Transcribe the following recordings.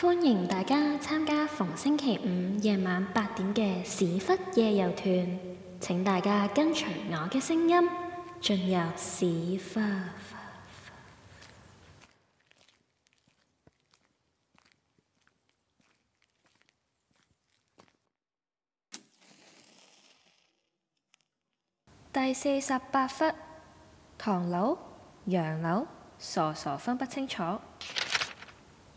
歡迎大家參加逢星期五晚夜晚八點嘅史窟夜遊團。請大家跟隨我嘅聲音進入史窟。第四十八窟，唐樓、洋樓，傻傻分不清楚。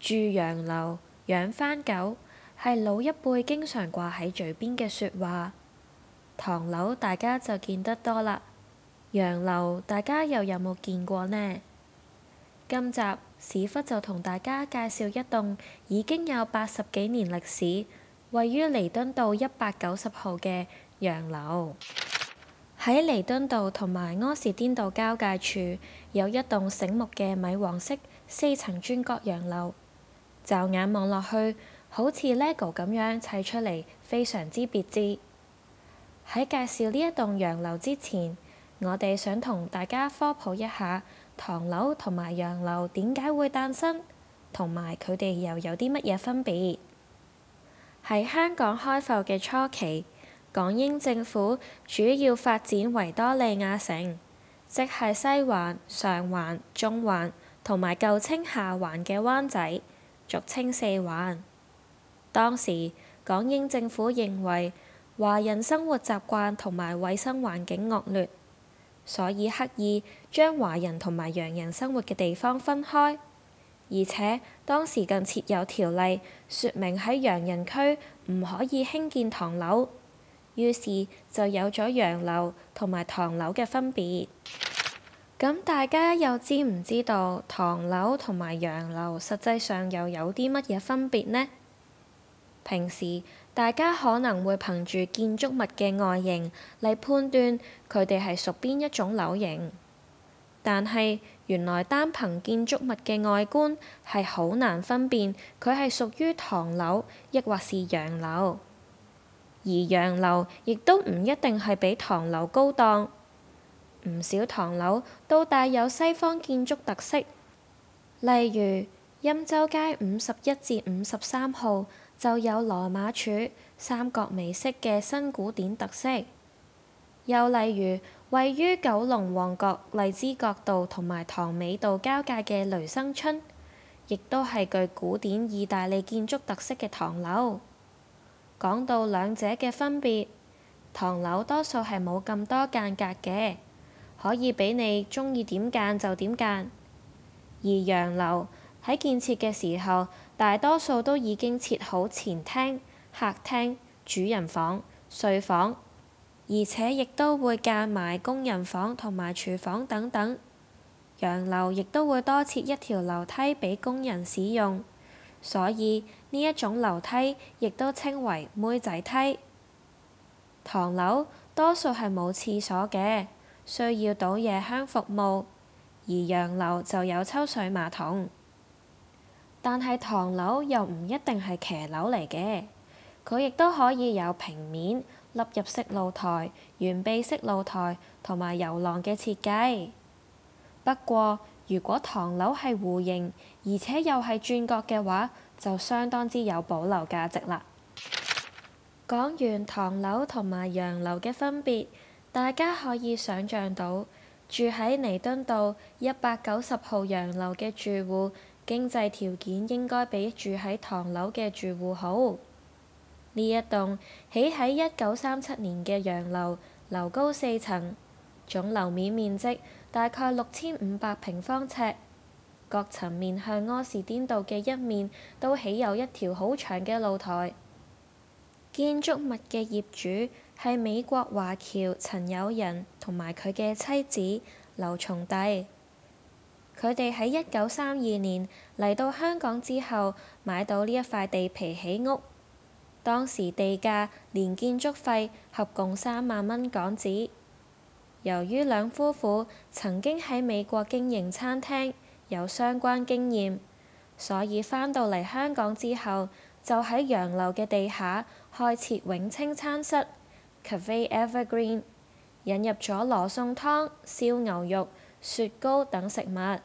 住洋樓養番狗係老一輩經常掛喺嘴邊嘅説話。唐樓大家就見得多啦，洋樓大家又有冇見過呢？今集史窟就同大家介紹一棟已經有八十幾年歷史，位於彌敦道一百九十號嘅洋樓。喺彌敦道同埋柯士甸道交界處，有一棟醒目嘅米黃色四層轉角洋樓。驟眼望落去，好似 LEGO 咁樣砌出嚟，非常之別致。喺介紹呢一棟洋樓之前，我哋想同大家科普一下唐樓同埋洋樓點解會誕生，同埋佢哋又有啲乜嘢分別。喺香港開埠嘅初期，港英政府主要發展維多利亞城，即係西環、上環、中環同埋舊稱下環嘅灣仔。俗稱四環。當時港英政府認為華人生活習慣同埋衛生環境惡劣，所以刻意將華人同埋洋人生活嘅地方分開，而且當時更設有條例，説明喺洋人區唔可以興建唐樓，於是就有咗洋樓同埋唐樓嘅分別。咁大家又知唔知道唐樓同埋洋樓實際上又有啲乜嘢分別呢？平時大家可能會憑住建築物嘅外形嚟判斷佢哋係屬邊一種樓型，但係原來單憑建築物嘅外觀係好難分辨佢係屬於唐樓，抑或是洋樓。而洋樓亦都唔一定係比唐樓高檔。唔少唐樓都帶有西方建築特色，例如欽州街五十一至五十三號就有羅馬柱三角楣式嘅新古典特色，又例如位於九龍旺角荔枝角道同埋塘尾道交界嘅雷生春，亦都係具古典意大利建築特色嘅唐樓。講到兩者嘅分別，唐樓多數係冇咁多間隔嘅。可以俾你中意點間就點間，而洋樓喺建設嘅時候，大多數都已經設好前廳、客廳、主人房、睡房，而且亦都會間埋工人房同埋廚房等等。洋樓亦都會多設一條樓梯俾工人使用，所以呢一種樓梯亦都稱為妹仔梯。唐樓多數係冇廁所嘅。需要倒夜香服務，而洋樓就有抽水馬桶。但係唐樓又唔一定係騎樓嚟嘅，佢亦都可以有平面、凹入式露台、圓彎式露台同埋遊廊嘅設計。不過，如果唐樓係弧形，而且又係轉角嘅話，就相當之有保留價值啦。講完唐樓同埋洋樓嘅分別。大家可以想像到，住喺彌敦道一百九十號洋樓嘅住戶，經濟條件應該比住喺唐樓嘅住戶好。呢一棟起喺一九三七年嘅洋樓，樓高四層，總樓面面積大概六千五百平方尺，各層面向柯士甸道嘅一面都起有一條好長嘅露台。建築物嘅業主，係美國華僑陳友仁同埋佢嘅妻子劉松娣，佢哋喺一九三二年嚟到香港之後，買到呢一塊地皮起屋。當時地價連建築費合共三萬蚊港紙。由於兩夫婦曾經喺美國經營餐廳，有相關經驗，所以返到嚟香港之後，就喺洋樓嘅地下開設永清餐室。Cafe Evergreen 引入咗羅宋湯、燒牛肉、雪糕等食物，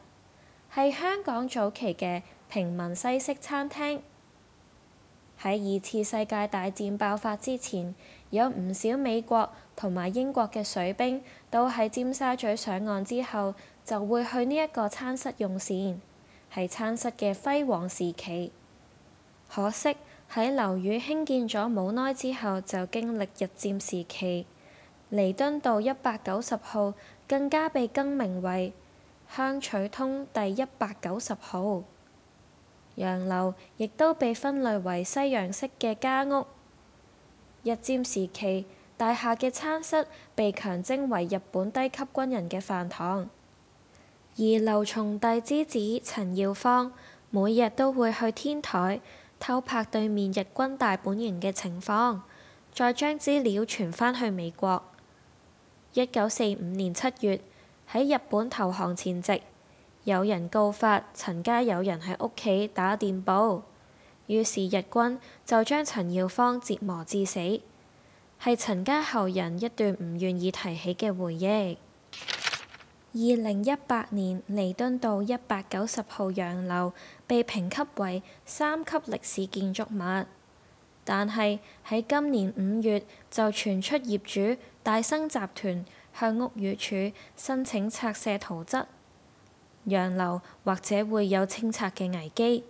係香港早期嘅平民西式餐廳。喺二次世界大戰爆發之前，有唔少美國同埋英國嘅水兵，都喺尖沙咀上岸之後，就會去呢一個餐室用膳，係餐室嘅輝煌時期。可惜。喺樓宇興建咗冇耐之後，就經歷日佔時期。彌敦道一百九十號更加被更名為香取通第一百九十號洋樓，亦都被分類為西洋式嘅家屋。日佔時期，大廈嘅餐室被強徵為日本低級軍人嘅飯堂，而劉松第之子陳耀芳每日都會去天台。偷拍對面日軍大本營嘅情況，再將資料傳翻去美國。一九四五年七月，喺日本投降前夕，有人告發陳家有人喺屋企打電報，於是日軍就將陳耀芳折磨致死。係陳家後人一段唔願意提起嘅回憶。二零一八年，彌敦道一百九十號洋樓被評級為三級歷史建築物，但係喺今年五月就傳出業主大生集團向屋宇署申請拆卸圖則，洋樓或者會有清拆嘅危機。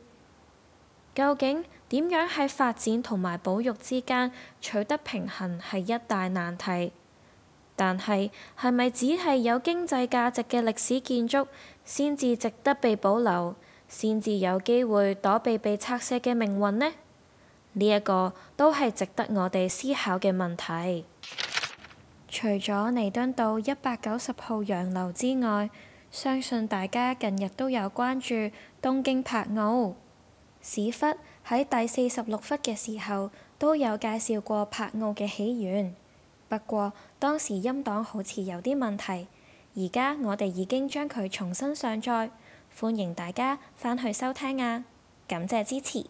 究竟點樣喺發展同埋保育之間取得平衡係一大難題。但係係咪只係有經濟價值嘅歷史建築先至值得被保留，先至有機會躲避被拆卸嘅命運呢？呢、這、一個都係值得我哋思考嘅問題。除咗彌敦道一百九十號洋樓之外，相信大家近日都有關注東京柏奧史窟。喺第四十六窟嘅時候都有介紹過柏奧嘅起源。不過當時音檔好似有啲問題，而家我哋已經將佢重新上載。歡迎大家返去收聽啊！感謝支持，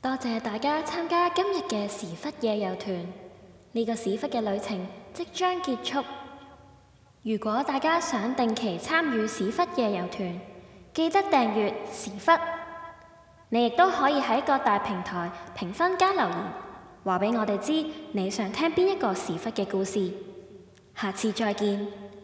多謝大家參加今日嘅史窟夜遊團。呢個史窟嘅旅程即將結束。如果大家想定期參與史窟夜遊團，記得訂閱史窟。你亦都可以喺各大平台評分加留言，話俾我哋知你想聽邊一個史窟嘅故事。下次再見。